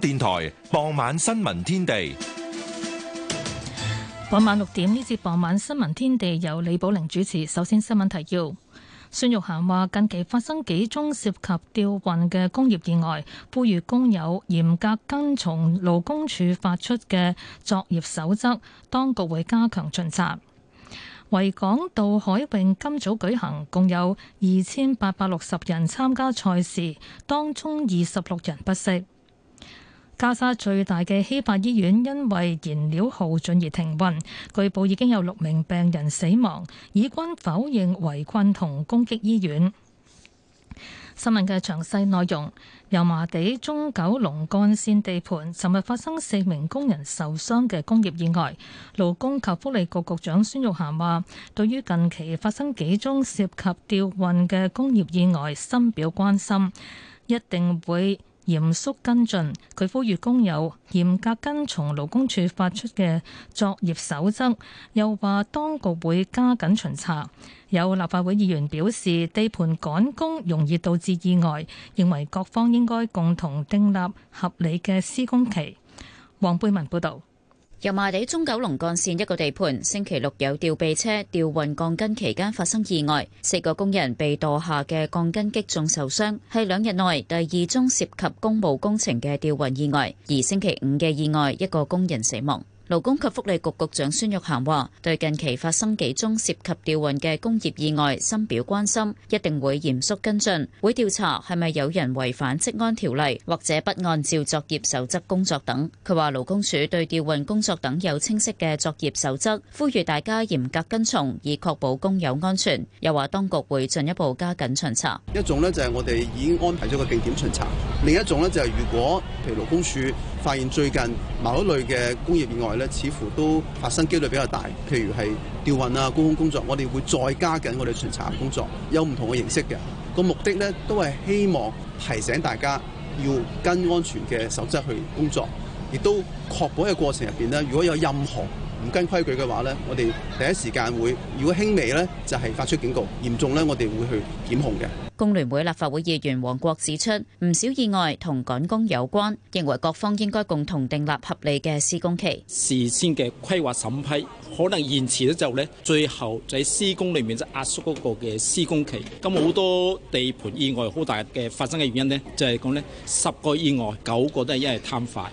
電台傍晚新聞天地，傍晚六點呢節傍晚新聞天地由李寶玲主持。首先，新聞提要：孫玉涵話，近期發生幾宗涉及吊運嘅工業意外，呼籲工友嚴格跟從勞工處發出嘅作業守則。當局會加強巡查。維港渡海泳今早舉行，共有二千八百六十人參加賽事，當中二十六人不適。加沙最大嘅希伯醫院因為燃料耗盡而停運，據報已經有六名病人死亡。以軍否認圍困同攻擊醫院。新聞嘅詳細內容：油麻地中九龍幹線地盤，尋日發生四名工人受傷嘅工業意外。勞工及福利局局長孫玉菡話：對於近期發生幾宗涉及吊運嘅工業意外，深表關心，一定會嚴肅跟進，佢呼籲工友嚴格跟從勞工處發出嘅作業守則，又話當局會加緊巡查。有立法會議員表示，地盤趕工容易導致意外，認為各方應該共同訂立合理嘅施工期。黃貝文報導。油麻地中九龍幹線一個地盤，星期六有吊臂車吊運鋼筋期間發生意外，四個工人被墮下嘅鋼筋擊中受傷，係兩日內第二宗涉及公務工程嘅吊運意外，而星期五嘅意外一個工人死亡。勞工及福利局局長孫玉菡話，對近期發生幾宗涉及吊運嘅工業意外深表關心，一定會嚴肅跟進，會調查係咪有人違反職安條例或者不按照作業守則工作等。佢話勞工處對吊運工作等有清晰嘅作業守則，呼籲大家嚴格跟從，以確保工友安全。又話當局會進一步加緊巡查，一種呢就係我哋已經安排咗個地點巡查，另一種呢就係如果譬如勞工處。發現最近某一類嘅工業意外呢，似乎都發生機率比較大。譬如係吊運啊、高空工作，我哋會再加緊我哋巡查工作，有唔同嘅形式嘅。個目的呢都係希望提醒大家要跟安全嘅守則去工作，亦都確保喺個過程入邊呢如果有任何唔跟規矩嘅話呢我哋第一時間會，如果輕微呢，就係發出警告，嚴重呢，我哋會去檢控嘅。工聯會立法會議員黃國指出，唔少意外同趕工有關，認為各方應該共同訂立合理嘅施工期。事先嘅規劃審批可能延遲咗之後呢，最後就喺施工裏面就壓縮嗰個嘅施工期。咁好多地盤意外好大嘅發生嘅原因呢，就係講呢，十個意外九個都係因為貪快。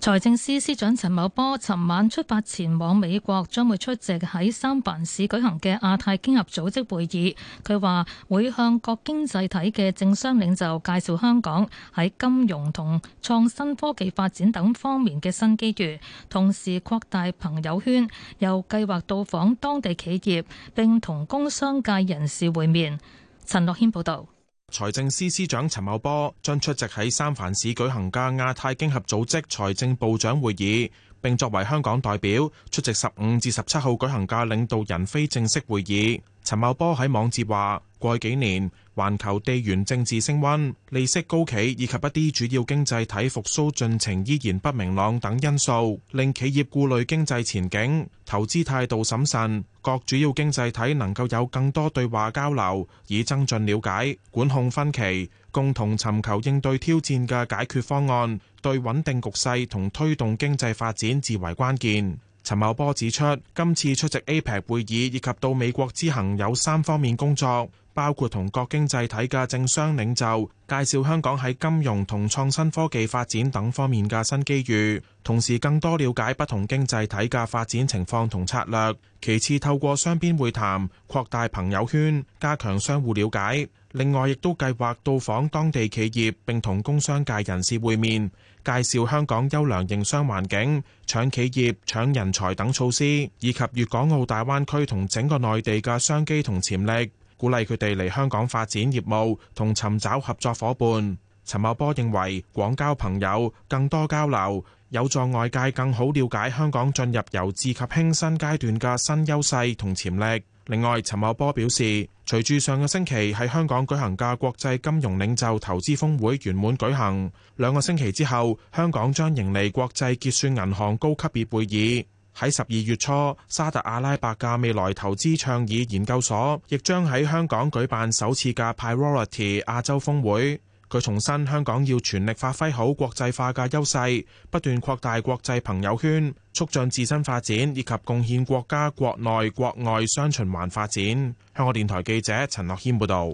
財政司司長陳茂波尋晚出發前往美國，將會出席喺三藩市舉行嘅亞太經合組織會議。佢話會向各經濟體嘅政商領袖介紹香港喺金融同創新科技發展等方面嘅新機遇，同時擴大朋友圈。又計劃到訪當地企業，並同工商界人士會面。陳樂謙報道。財政司司長陳茂波將出席喺三藩市舉行嘅亞太經合組織財政部長會議，並作為香港代表出席十五至十七號舉行嘅領導人非正式會議。陳茂波喺網誌話。過幾年，環球地緣政治升溫、利息高企以及一啲主要經濟體復甦進程依然不明朗等因素，令企業顧慮經濟前景、投資態度審慎。各主要經濟體能夠有更多對話交流，以增進了解、管控分歧、共同尋求應對挑戰嘅解決方案，對穩定局勢同推動經濟發展至為關鍵。陳茂波指出，今次出席 APEC 會議以及到美國之行有三方面工作。包括同各經濟體嘅政商領袖介紹香港喺金融同創新科技發展等方面嘅新機遇，同時更多了解不同經濟體嘅發展情況同策略。其次，透過雙邊會談擴大朋友圈，加強相互了解。另外，亦都計劃到訪當地企業並同工商界人士會面，介紹香港優良營商環境、搶企業、搶人才等措施，以及粵港澳大灣區同整個內地嘅商機同潛力。鼓勵佢哋嚟香港發展業務同尋找合作夥伴。陳茂波認為，廣交朋友、更多交流，有助外界更好了解香港進入由治及興新階段嘅新優勢同潛力。另外，陳茂波表示，隨住上個星期喺香港舉行嘅國際金融領袖投資峰會圓滿舉行，兩個星期之後，香港將迎嚟國際結算銀行高級別會議。喺十二月初，沙特阿拉伯嘅未來投資倡議研究所亦將喺香港舉辦首次嘅 Priority 亞洲峰會。佢重申香港要全力發揮好國際化嘅優勢，不斷擴大國際朋友圈，促進自身發展，以及貢獻國家國內國外雙循環發展。香港電台記者陳樂謙報道。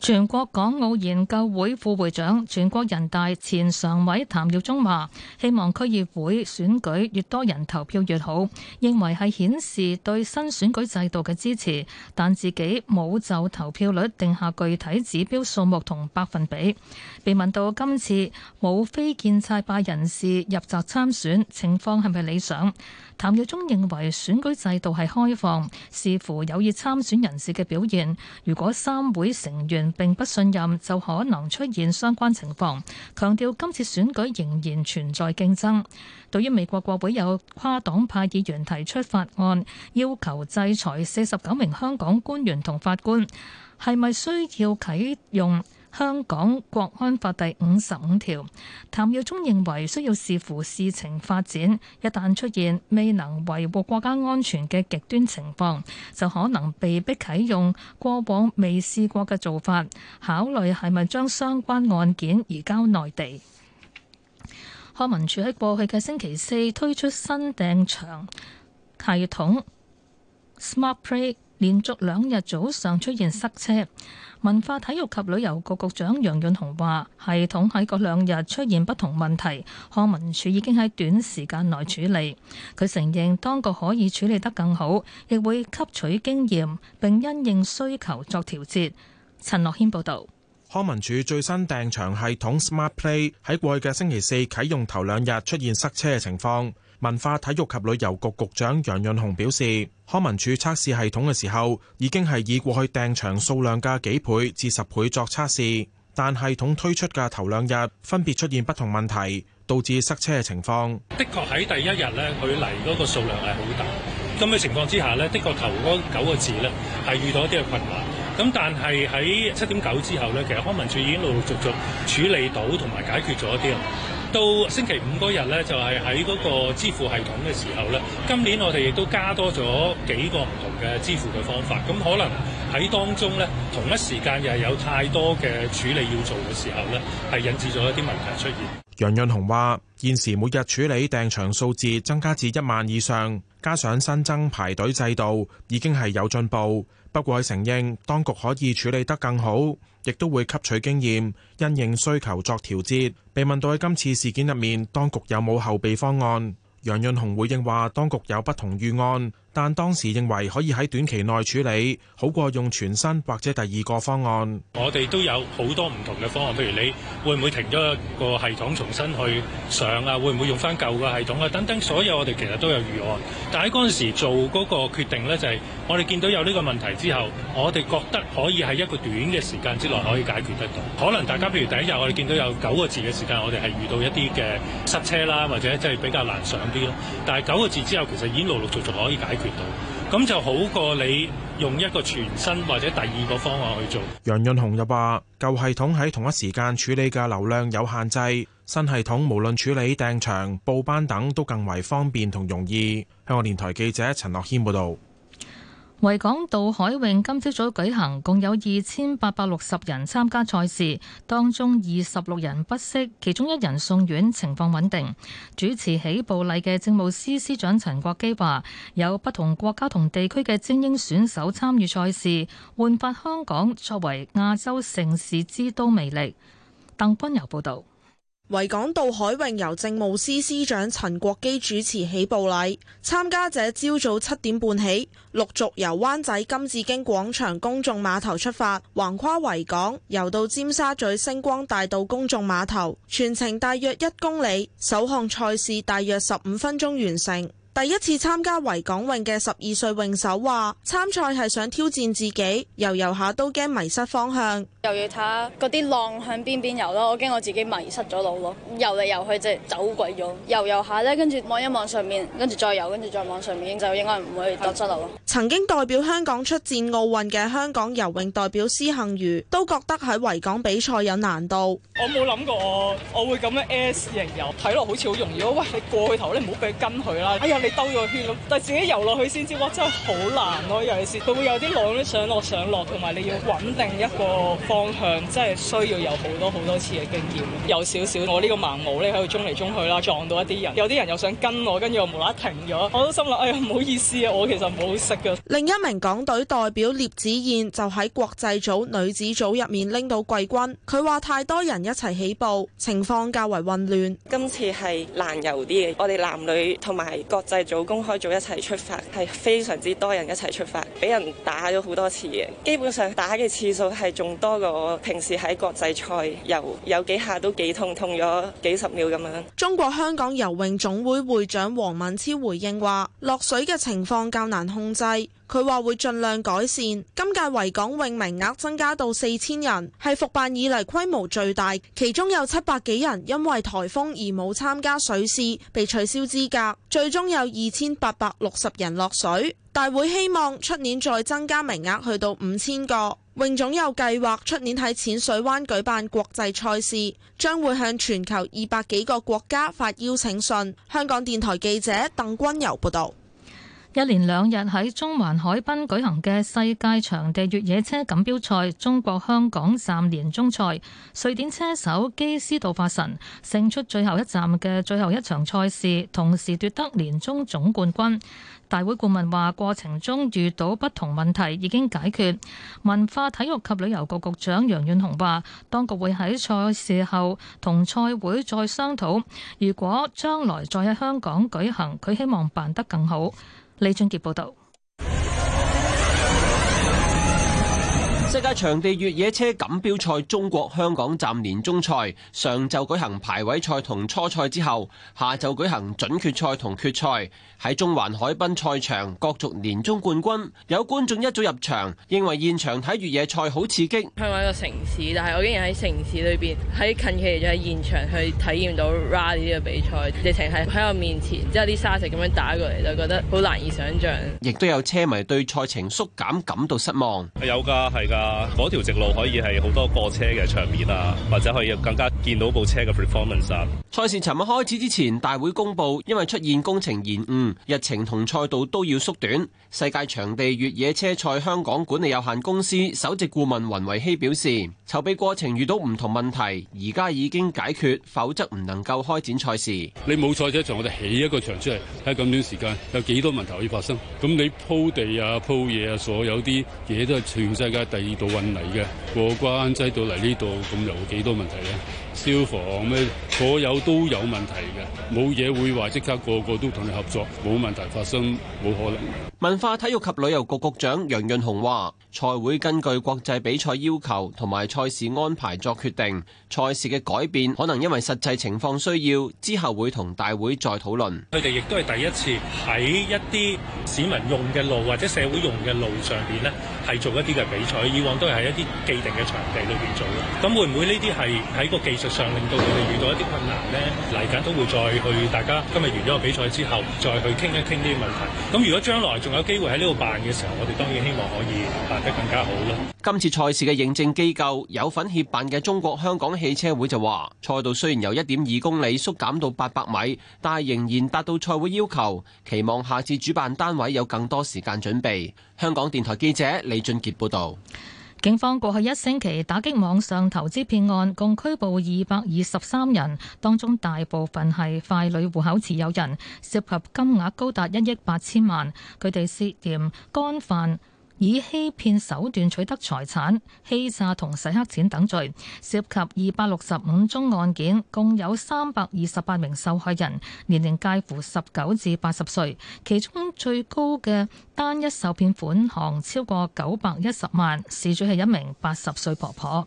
全國港澳研究會副會長、全國人大前常委譚耀宗話：希望區議會選舉越多人投票越好，認為係顯示對新選舉制度嘅支持，但自己冇就投票率定下具體指標數目同百分比。被問到今次冇非建制派人士入閘參選，情況係咪理想？譚耀宗認為選舉制度係開放，視乎有意參選人士嘅表現。如果三會成員並不信任，就可能出現相關情況。強調今次選舉仍然存在競爭。對於美國國會有跨黨派議員提出法案，要求制裁四十九名香港官員同法官，係咪需要啟用？香港國安法第五十五條，譚耀宗認為需要視乎事情發展，一旦出現未能維護國家安全嘅極端情況，就可能被迫啟用過往未試過嘅做法，考慮係咪將相關案件移交內地。康文署喺過去嘅星期四推出新訂場系統 SmartPlay 連續兩日早上出現塞車，文化體育及旅遊局局長楊潤雄話：系統喺嗰兩日出現不同問題，康文署已經喺短時間內處理。佢承認當局可以處理得更好，亦會吸取經驗並因應需求作調節。陳樂軒報導，康文署最新訂場系統 SmartPlay 喺過去嘅星期四啟用頭兩日出現塞車嘅情況。文化體育及旅遊局局長楊潤雄表示，康文署測試系統嘅時候，已經係以過去訂場數量嘅幾倍至十倍作測試，但系統推出嘅頭兩日分別出現不同問題，導致塞車嘅情況。的確喺第一日咧，佢嚟嗰個數量係好大，咁嘅情況之下咧，的確頭嗰九個字咧係遇到一啲嘅困難。咁但係喺七點九之後咧，其實康文署已經陸陸續續處理到同埋解決咗一啲。到星期五嗰日咧，就係喺嗰個支付系統嘅時候咧，今年我哋亦都加多咗幾個唔同嘅支付嘅方法。咁可能喺當中咧，同一時間又係有太多嘅處理要做嘅時候咧，係引致咗一啲問題出現。楊潤雄話：現時每日處理訂場數字增加至一萬以上，加上新增排隊制度，已經係有進步。不過，佢承認當局可以處理得更好，亦都會吸取經驗，因應需求作調節。被問到喺今次事件入面，當局有冇後備方案，楊潤雄回應話，當局有不同預案。但當時認為可以喺短期內處理，好過用全新或者第二個方案。我哋都有好多唔同嘅方案，譬如你會唔會停咗一個系統重新去上啊？會唔會用翻舊嘅系統啊？等等，所有我哋其實都有預案。但喺嗰陣時做嗰個決定呢，就係我哋見到有呢個問題之後，我哋覺得可以喺一個短嘅時間之內可以解決得到。可能大家譬如第一日我哋見到有九個字嘅時間，我哋係遇到一啲嘅塞車啦，或者即係比較難上啲咯。但係九個字之後，其實已經陸陸續續可以解決。咁就好過你用一個全新或者第二個方案去做。楊潤雄又話：舊系統喺同一時間處理嘅流量有限制，新系統無論處理訂場、報班等，都更為方便同容易。香港電台記者陳樂謙報道。維港渡海泳今朝早舉行，共有二千八百六十人參加賽事，當中二十六人不適，其中一人送院，情況穩定。主持起步禮嘅政務司司長陳國基話，有不同國家同地區嘅精英選手參與賽事，煥發香港作為亞洲城市之都魅力。鄧君游報道。維港渡海泳由政務司司長陳國基主持起步禮，參加者朝早七點半起，陸續由灣仔金紫荊廣場公眾碼頭出發，橫跨維港，游到尖沙咀星光大道公眾碼頭，全程大約一公里，首項賽事大約十五分鐘完成。第一次參加維港泳嘅十二歲泳手話，參賽係想挑戰自己，游游下都驚迷失方向，又要睇下嗰啲浪向邊邊游咯，我驚我自己迷失咗路咯，游嚟游去就走鬼咗，游游下咧，跟住望一望上面，跟住再游，跟住再望上面就應該唔會多失路咯。是曾經代表香港出戰奧運嘅香港游泳代表施幸余都覺得喺維港比賽有難度，我冇諗過我我會咁樣 S 型游，睇落好似好容易咯，喂，你過去頭咧，唔好俾佢跟佢啦，哎兜咗圈咁，但係自己游落去先知，哇！真係好難咯，尤其是佢會有啲浪，上落上落，同埋你要穩定一個方向，真係需要有好多好多次嘅經驗。有少少，我呢個盲毛咧喺度衝嚟衝去啦，撞到一啲人，有啲人又想跟我，跟住我無啦停咗，我都心諗：哎呀，唔好意思啊，我其實唔好識㗎。另一名港隊代表聶子燕就喺國際組女子組入面拎到季軍，佢話太多人一齊起，起步，情況較為混亂。今次係難游啲嘅，我哋男女同埋國際，係早公開組一齊出發，係非常之多人一齊出發，俾人打咗好多次嘅，基本上打嘅次數係仲多過平時喺國際賽游，有幾下都幾痛，痛咗幾十秒咁樣。中國香港游泳總會會長黃敏超回應話：落水嘅情況較難控制。佢話會盡量改善，今屆維港泳名額增加到四千人，係復辦以嚟規模最大。其中有七百幾人因為颱風而冇參加水試，被取消資格。最終有二千八百六十人落水。大會希望出年再增加名額去到五千個。泳總有計劃出年喺淺水灣舉辦國際賽事，將會向全球二百幾個國家發邀請信。香港電台記者鄧君由報導。一連兩日喺中環海濱舉行嘅世界場地越野車錦標賽中國香港站年終賽，瑞典車手基斯道法神勝出最後一站嘅最後一場賽事，同時奪得年終總冠軍。大會顧問話，過程中遇到不同問題，已經解決。文化體育及旅遊局局長楊潤雄話，當局會喺賽事後同賽會再商討，如果將來再喺香港舉行，佢希望辦得更好。李俊傑報道。世界場地越野車錦標賽中國香港站年終賽上晝舉行排位賽同初賽之後，下晝舉行準決賽同決賽，喺中環海濱賽場角逐年終冠軍。有觀眾一早入場，認為現場睇越野賽好刺激。香港一個城市，但係我竟然喺城市裏邊喺近期就喺現場去體驗到 rally 呢個比賽，直情係喺我面前，之後啲沙石咁樣打過嚟，就覺得好難以想象。亦都有車迷對賽程縮減感到失望。係有噶，係噶。啊！嗰條直路可以係好多過車嘅場面啊，或者可以更加見到部車嘅 performance。賽事尋日開始之前，大會公布因為出現工程延誤，日程同賽道都要縮短。世界場地越野車賽香港管理有限公司首席顧問雲維希表示：籌備過程遇到唔同問題，而家已經解決，否則唔能夠開展賽事。你冇賽車場，我哋起一個場出嚟，喺咁短時間有幾多問題可以發生？咁你鋪地啊、鋪嘢啊，所有啲嘢都係全世界第二度運嚟嘅，過關制到嚟呢度，咁有幾多問題咧？消防咩，所有都有問題嘅，冇嘢會話即刻個個都同你合作，冇問題發生冇可能。化體育及旅遊局局長楊潤雄話，賽會根據國際比賽要求同埋賽事安排作決定，賽事嘅改變可能因為實際情況需要，之後會同大會再討論。佢哋亦都係第一次喺一啲市民用嘅路或者社會用嘅路上邊呢，係做一啲嘅比賽。以往都係喺一啲既定嘅場地裏邊做嘅。咁會唔會呢啲係喺個技術上令到佢哋遇到一啲困難呢？嚟緊都會再去，大家今日完咗個比賽之後，再去傾一傾呢啲問題。咁如果將來仲有。機會喺呢度辦嘅時候，我哋當然希望可以辦得更加好咯。今次賽事嘅認證機構有份協辦嘅中國香港汽車會就話，賽道雖然由一點二公里縮減到八百米，但係仍然達到賽會要求，期望下次主辦單位有更多時間準備。香港電台記者李俊傑報導。警方過去一星期打擊網上投資騙案，共拘捕二百二十三人，當中大部分係快女戶口持有人，涉及金額高達一億八千萬，佢哋涉嫌干犯。以欺騙手段取得財產、欺詐同洗黑錢等罪，涉及二百六十五宗案件，共有三百二十八名受害人，年齡介乎十九至八十歲，其中最高嘅單一受騙款項超過九百一十萬，事主係一名八十歲婆婆。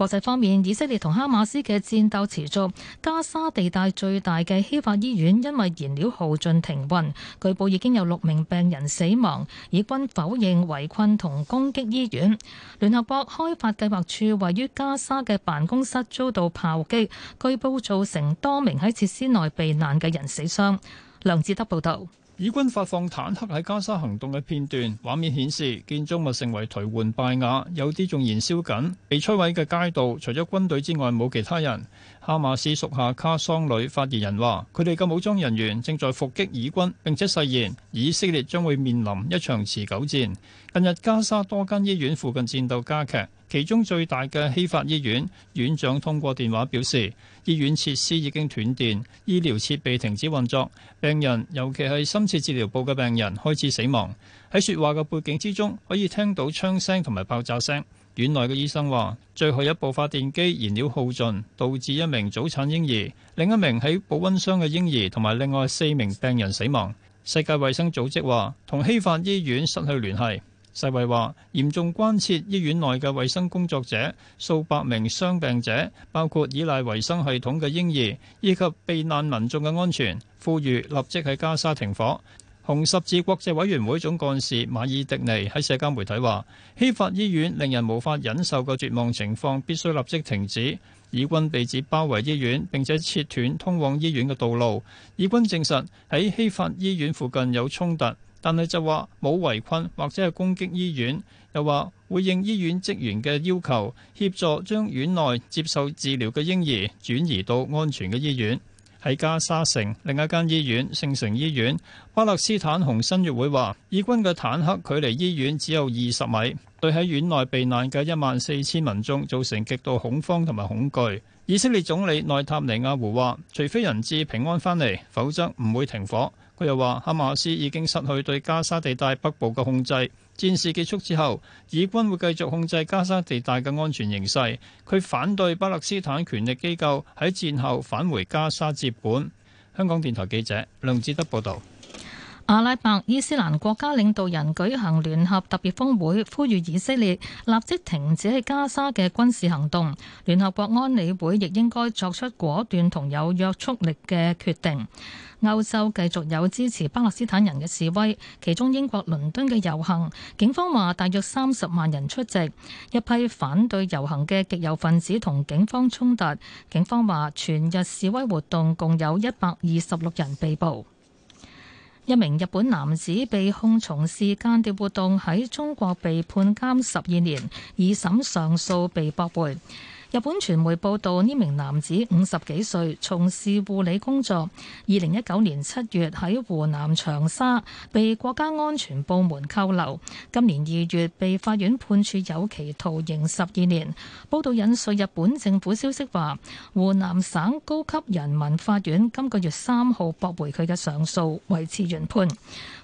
國際方面，以色列同哈馬斯嘅戰鬥持續。加沙地帶最大嘅希法醫院因為燃料耗盡停運，據報已經有六名病人死亡。以軍否認圍困同攻擊醫院。聯合國開發計劃署位於加沙嘅辦公室遭到炮擊，據報造成多名喺設施內避難嘅人死傷。梁志德報道。以軍發放坦克喺加沙行動嘅片段，畫面顯示建築物成為頹垣敗瓦，有啲仲燃燒緊，被摧毀嘅街道除咗軍隊之外冇其他人。哈馬斯屬下卡桑旅發言人話：佢哋嘅武裝人員正在伏擊以軍，並且誓言以色列將會面臨一場持久戰。近日加沙多間醫院附近戰鬥加劇。其中最大嘅希法醫院院長通過電話表示，醫院設施已經斷電，醫療設備停止運作，病人尤其係深切治療部嘅病人開始死亡。喺說話嘅背景之中，可以聽到槍聲同埋爆炸聲，院內嘅醫生話，最後一部發電機燃料耗盡，導致一名早產嬰兒、另一名喺保溫箱嘅嬰兒同埋另外四名病人死亡。世界衛生組織話同希法醫院失去聯繫。世衛話嚴重關切醫院內嘅衛生工作者、數百名傷病者，包括依賴衛生系統嘅嬰兒，以及避難民眾嘅安全，呼籲立即喺加沙停火。紅十字國際委員會總幹事馬爾迪尼喺社交媒體話：希法醫院令人無法忍受嘅絕望情況，必須立即停止。以軍被指包圍醫院，並且切斷通往醫院嘅道路。以軍證實喺希法醫院附近有衝突。但係就話冇圍困或者係攻擊醫院，又話會應醫院職員嘅要求協助將院內接受治療嘅嬰兒轉移到安全嘅醫院。喺加沙城另一間醫院聖城醫院，巴勒斯坦紅新月會話，以軍嘅坦克距離醫院只有二十米，對喺院內避難嘅一萬四千民眾造成極度恐慌同埋恐懼。以色列總理內塔尼亞胡話，除非人質平安返嚟，否則唔會停火。佢又話：哈馬斯已經失去對加沙地帶北部嘅控制。戰事結束之後，以軍會繼續控制加沙地帶嘅安全形勢。佢反對巴勒斯坦權力機構喺戰後返回加沙接管。香港電台記者梁志德報道。阿拉伯伊斯蘭國家領導人舉行聯合特別峰會，呼籲以色列立即停止喺加沙嘅軍事行動。聯合國安理會亦應該作出果斷同有約束力嘅決定。歐洲繼續有支持巴勒斯坦人嘅示威，其中英國倫敦嘅遊行，警方話大約三十萬人出席。一批反對遊行嘅極右分子同警方衝突，警方話全日示威活動共有一百二十六人被捕。一名日本男子被控從事間諜活動喺中國被判監十二年，二審上訴被駁回。日本傳媒報道，呢名男子五十幾歲，從事護理工作。二零一九年七月喺湖南長沙被國家安全部門扣留，今年二月被法院判處有期徒刑十二年。報道引述日本政府消息話，湖南省高級人民法院今個月三號駁回佢嘅上訴，維持原判。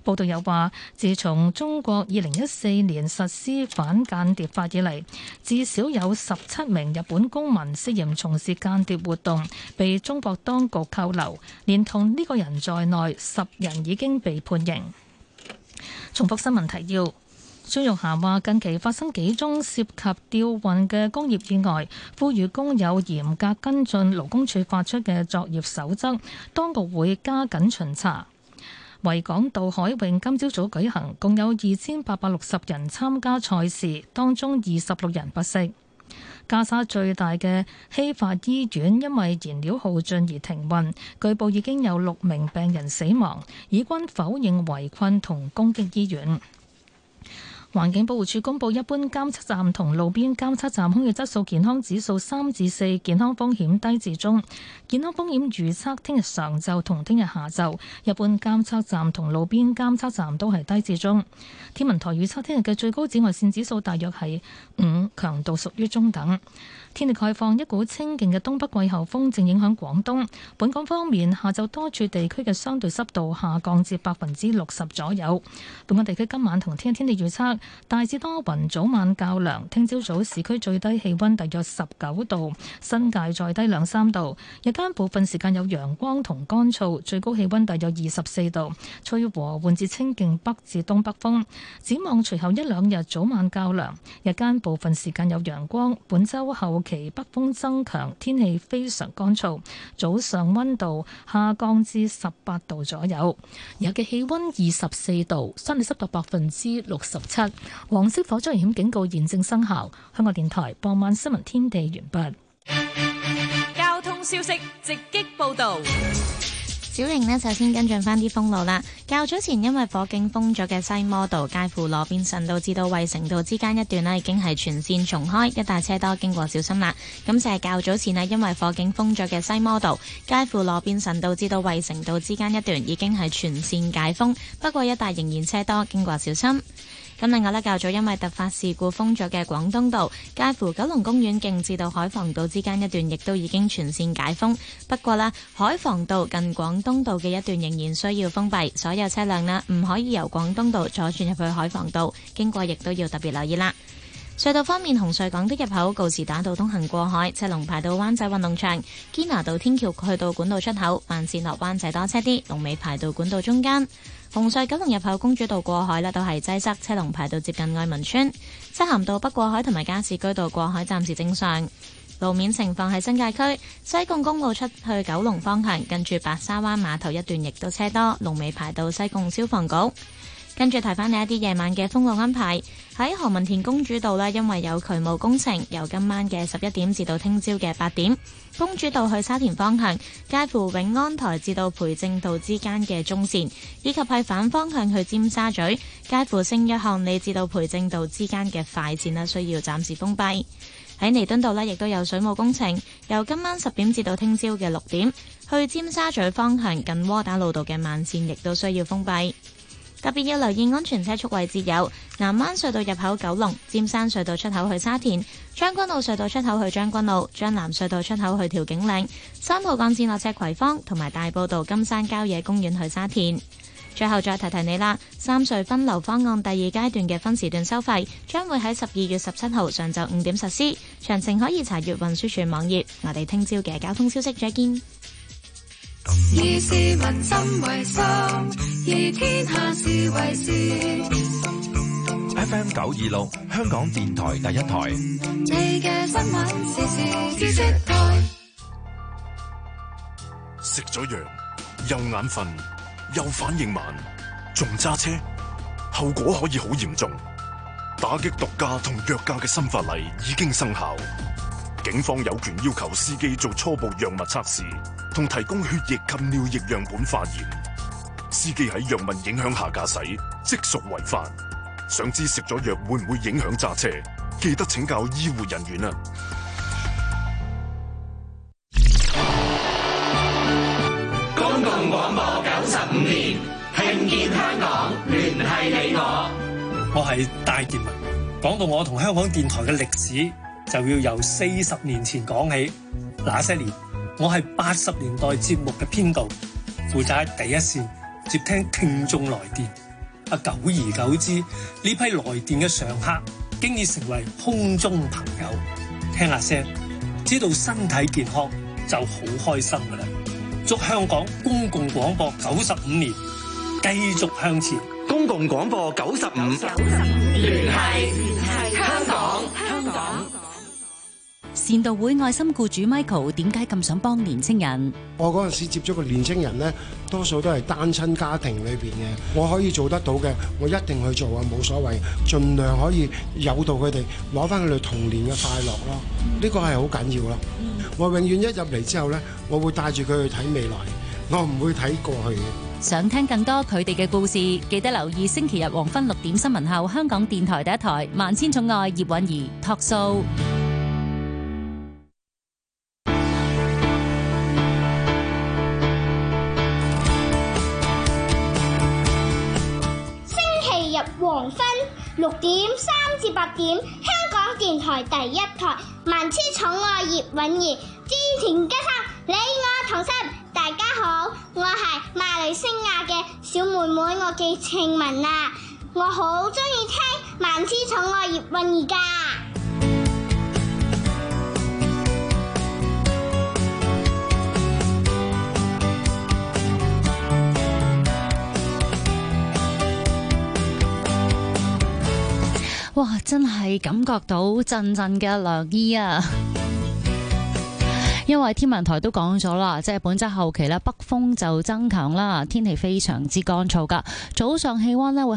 報道又話，自從中國二零一四年實施反間諜法以嚟，至少有十七名日本公民涉嫌從事間諜活動，被中國當局扣留。連同呢個人在內，十人已經被判刑。重複新聞提要。孫玉菡話：近期發生幾宗涉及吊運嘅工業意外，呼籲工友嚴格跟進勞工處發出嘅作業守則，當局會加緊巡查。維港渡海泳今朝早舉行，共有二千八百六十人參加賽事，當中二十六人不適。加沙最大嘅希法醫院因為燃料耗盡而停運，據報已經有六名病人死亡。以軍否認圍困同攻擊醫院。環境保護署公布，一般監測站同路邊監測站空氣質素健康指數三至四，健康風險低至中。健康風險預測，聽日上晝同聽日下晝，一般監測站同路邊監測站都係低至中。天文台預測，聽日嘅最高紫外線指數大約係五，強度屬於中等。天氣概況，一股清勁嘅東北季候風正影響廣東。本港方面，下晝多處地區嘅相對濕度下降至百分之六十左右。本港地區今晚同天氣天氣預測，大致多雲，早晚較涼。聽朝早早市區最低氣温大約十九度，新界再低兩三度。日間部分時間有陽光同乾燥，最高氣温大約二十四度，吹和緩至清勁北至東北風。展望隨後一兩日早晚較涼，日間部分時間有陽光。本週後其北風增強，天氣非常乾燥，早上温度下降至十八度左右，有嘅氣溫二十四度，相對濕度百分之六十七，黃色火災危險警告現正生效。香港電台傍晚新聞天地完畢。交通消息直擊報道。小玲呢，首先跟進翻啲封路啦。較早前因為火警封咗嘅西摩道介乎羅便臣道至到衛城道之間一段呢，已經係全線重開，一帶車多，經過小心啦。咁就係較早前呢，因為火警封咗嘅西摩道介乎羅便臣道至到衛城道之間一段已經係全線解封，不過一帶仍然車多，經過小心。今日我哋，較早因為突發事故封咗嘅廣東道，介乎九龍公園徑至到海防道之間一段，亦都已經全線解封。不過啦，海防道近廣東道嘅一段仍然需要封閉，所有車輛呢唔可以由廣東道左轉入去海防道，經過亦都要特別留意啦。隧道方面，紅隧港島入口告士打道通行過海，車龍排到灣仔運動場，堅拿道天橋去到管道出口，慢線落灣仔多車啲，龍尾排到管道中間。紅隧九龍入口公主道過海咧都係擠塞，車龍排到接近愛民村。漆咸道北過海同埋加士居道過海暫時正常。路面情況喺新界區西貢公路出去九龍方向，跟住白沙灣碼頭一段亦都車多，龍尾排到西貢消防局。跟住提翻你一啲夜晚嘅封路安排。喺何文田公主道咧，因為有渠務工程，由今晚嘅十一點至到聽朝嘅八點，公主道去沙田方向，介乎永安台至到培正道之間嘅中線，以及係反方向去尖沙咀，介乎聖約翰里至到培正道之間嘅快線啦，需要暫時封閉。喺彌敦道咧，亦都有水務工程，由今晚十點至到聽朝嘅六點，去尖沙咀方向近窩打老道嘅慢線，亦都需要封閉。特別要留意安全車速位置有南灣隧道入口、九龍、尖山隧道出口去沙田、將軍澳隧道出口去將軍澳、將南隧道出口去調景嶺、三號幹線落赤葵芳同埋大埔道金山郊野公園去沙田。最後再提提你啦，三隧分流方案第二階段嘅分時段收費將會喺十二月十七號上晝五點實施，詳情可以查閱運輸署網頁。我哋聽朝嘅交通消息再見。以市民心為心，以天下事為事。FM 九二六，香港電台第一台。你嘅新聞時事知識台。食咗藥又眼瞓又反應慢，仲揸車，後果可以好嚴重。打擊毒駕同藥駕嘅新法例已經生效，警方有權要求司機做初步藥物測試。同提供血液及尿液樣本化驗，發現司機喺藥物影響下駕駛，即屬違法。想知食咗藥會唔會影響揸車？記得請教醫護人員啊！公共廣播九十五年，聽見香港，聯繫你我。我係戴建文，講到我同香港電台嘅歷史，就要由四十年前講起，那些年。我係八十年代節目嘅編導，負責喺第一綫接聽聽眾來電。啊，久而久之，呢批來電嘅常客，經已成為空中朋友，聽下聲，知道身體健康就好開心噶啦。祝香港公共廣播九十五年繼續向前！公共廣播九十五，九十五，聯繫聯繫香港香港。善道會愛心僱主 Michael 點解咁想幫年青人？我嗰陣時接觸嘅年青人咧，多數都係單親家庭裏邊嘅。我可以做得到嘅，我一定去做啊，冇所謂。盡量可以誘導佢哋攞翻佢哋童年嘅快樂咯。呢個係好緊要咯。我永遠一入嚟之後咧，我會帶住佢去睇未來，我唔會睇過去嘅。想聽更多佢哋嘅故事，記得留意星期日黃昏六點新聞後，香港電台第一台《萬千寵愛葉韻儀》托數。黃昏六點三至八點，香港電台第一台《萬千寵愛葉蘊儀》之《情加生，你我同心，大家好，我係馬來西亞嘅小妹妹，我叫晴文啊，我好中意聽《萬千寵愛葉蘊儀》噶。哇！真係感覺到陣陣嘅涼意啊，因為天文台都講咗啦，即係本周後期咧北風就增強啦，天氣非常之乾燥噶，早上氣溫咧會。